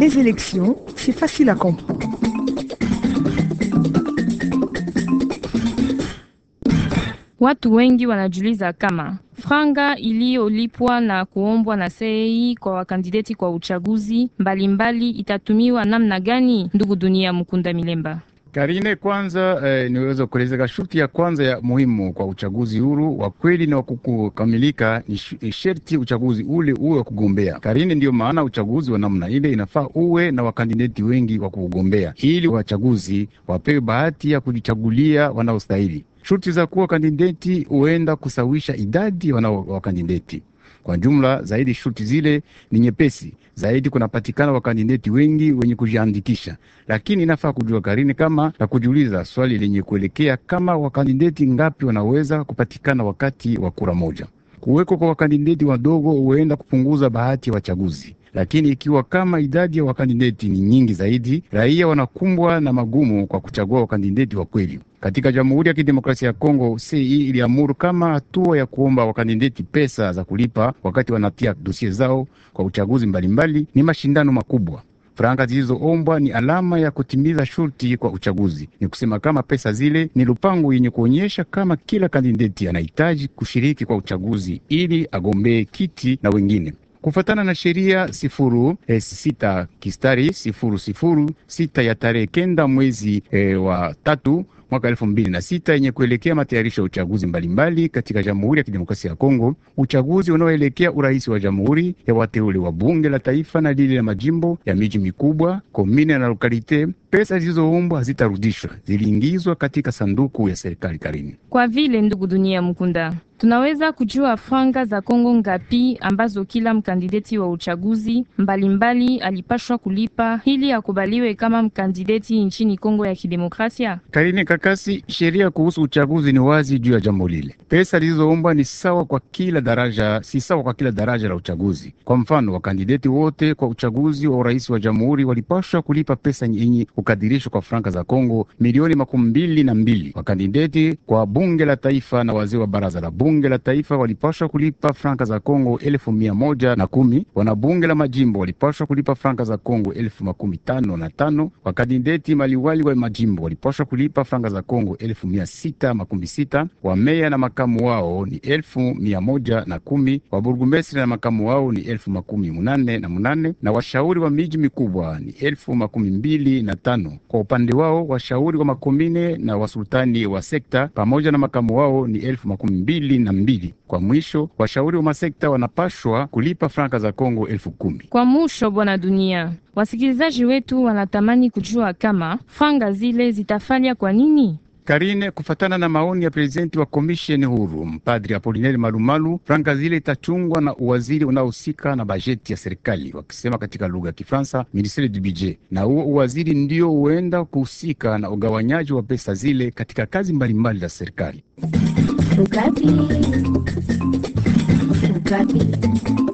Les élections, c'est facile à comprendre. Watu wengi wanajiuliza kama franga iliyolipwa na kuombwa na sei kwa wakandideti kwa uchaguzi mbalimbali mbali itatumiwa namna gani? Ndugu Dunia Mkunda Milemba. Karine, kwanza eh, niweza kuelezeka shurti ya kwanza ya muhimu kwa uchaguzi huru wa kweli na wakukamilika ni sherti uchaguzi ule uwe wa kugombea. Karine, ndiyo maana uchaguzi wa namna ile inafaa uwe na wakandideti wengi wa kugombea, ili wachaguzi wapewe bahati ya kujichagulia wanaostahili. Shurti za kuwa kandideti huenda kusawisha idadi ya wakandideti kwa jumla zaidi, shuti zile ni nyepesi zaidi, kunapatikana wakandideti wengi wenye kujiandikisha, lakini inafaa kujua karini kama na kujiuliza swali lenye kuelekea kama wakandideti ngapi wanaweza kupatikana wakati wa kura moja. Kuweko kwa wakandideti wadogo huenda kupunguza bahati ya wachaguzi lakini ikiwa kama idadi ya wakandideti ni nyingi zaidi, raia wanakumbwa na magumu kwa kuchagua wakandideti wa kweli. Katika Jamhuri ya Kidemokrasia ya Kongo, ce iliamuru kama hatua ya kuomba wakandideti pesa za kulipa wakati wanatia dosie zao kwa uchaguzi mbalimbali mbali, ni mashindano makubwa. Franka zilizoombwa ni alama ya kutimiza shurti kwa uchaguzi. Ni kusema kama pesa zile ni lupango yenye kuonyesha kama kila kandideti anahitaji kushiriki kwa uchaguzi ili agombee kiti na wengine kufuatana na sheria sifuru e, sita kistari sifuru sifuru sita ya tarehe kenda mwezi e, wa tatu mwaka elfu mbili na sita yenye kuelekea matayarisho ya uchaguzi mbalimbali mbali katika Jamhuri ya Kidemokrasia ya Kongo, uchaguzi unaoelekea urais wa jamhuri ya wateule wa bunge la taifa na lile la majimbo ya miji mikubwa komine na lokalite. Pesa zilizoombwa hazitarudishwa, ziliingizwa katika sanduku ya serikali Karini. Kwa vile ndugu dunia mkunda Tunaweza kujua franga za Kongo ngapi ambazo kila mkandideti wa uchaguzi mbalimbali mbali alipashwa kulipa ili akubaliwe kama mkandideti nchini Kongo ya Kidemokrasia? Karine Kakasi, sheria kuhusu uchaguzi ni wazi juu ya jambo lile. Pesa zilizoombwa ni sawa kwa kila daraja, si sawa kwa kila daraja la uchaguzi. Kwa mfano, wakandideti wote kwa uchaguzi wa urais wa jamhuri walipashwa kulipa pesa yenye kukadirishwa kwa franka za Kongo milioni makumi mbili na mbili wakandideti kwa bunge la taifa na wazee wa baraza la bunge bunge la taifa walipashwa kulipa franka za Kongo elfu mia moja na kumi, wanabunge la majimbo walipashwa kulipa franka za Kongo elfu makumi tano na tano, wakandideti maliwali wa majimbo walipashwa kulipa franka za Kongo elfu mia sita makumi sita, wa meya na makamu wao ni elfu mia moja na kumi, wa waburgumesri na makamu wao ni elfu makumi munane na munane, na washauri wa miji mikubwa ni elfu makumi mbili na tano. Kwa upande wao washauri wa makomine na wasultani wa sekta pamoja na makamu wao ni elfu makumi mbili mbili na mbili. Kwa mwisho, washauri wa masekta wanapashwa kulipa franka za Kongo elfu kumi. Kwa mwisho, bwana dunia, wasikilizaji wetu wanatamani kujua kama franga zile zitafanya kwa nini? Karine, kufatana na maoni ya prezidenti wa komisheni huru mpadri Apolineri Malumalu, franga zile itachungwa na uwaziri unaohusika na bajeti ya serikali, wakisema katika lugha ya Kifaransa ministere du budget, na huo uwaziri ndio huenda kuhusika na ugawanyaji wa pesa zile katika kazi mbalimbali za serikali. Bugatti. Bugatti.